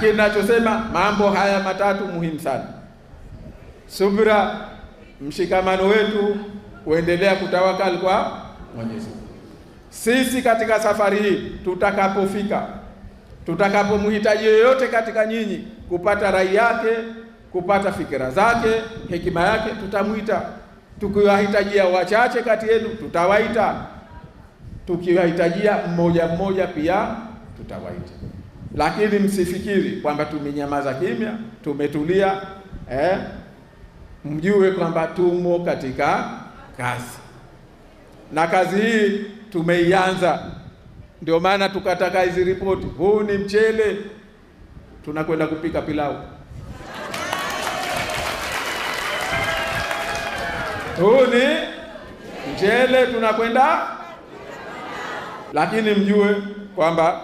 kinachosema mambo haya matatu muhimu sana: subra, mshikamano wetu kuendelea kutawakal kwa Mwenyezi Mungu. Sisi katika safari hii tutakapofika, tutakapomhitaji yoyote katika nyinyi kupata rai yake, kupata fikira zake, hekima yake, tutamwita. Tukiwahitajia wachache kati yenu, tutawaita. Tukiwahitajia mmoja mmoja, pia tutawaita lakini msifikiri kwamba tumenyamaza kimya, tumetulia eh, mjue kwamba tumo katika kazi, na kazi hii tumeianza. Ndio maana tukataka hizi ripoti. Huu ni mchele, tunakwenda kupika pilau. Huu ni mchele, tunakwenda, lakini mjue kwamba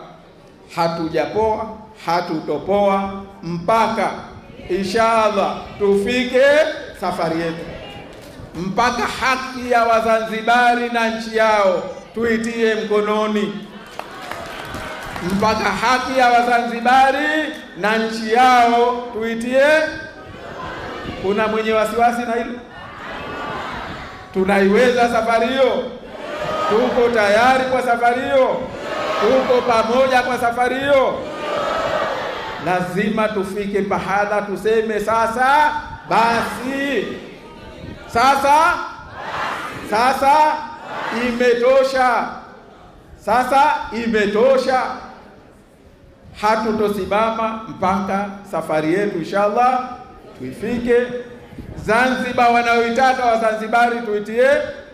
hatujapoa hatutopoa mpaka inshallah tufike safari yetu, mpaka haki ya Wazanzibari na nchi yao tuitie mkononi, mpaka haki ya Wazanzibari na nchi yao tuitie. Kuna mwenye wasiwasi na hilo? Tunaiweza safari hiyo, tuko tayari kwa safari hiyo. Tuko pamoja kwa safari hiyo. Lazima tufike pahala tuseme sasa basi, sasa sasa imetosha, sasa imetosha. Hatutosimama mpaka safari yetu inshallah tuifike. Zanzibar wanaoitaka Wazanzibari tuitie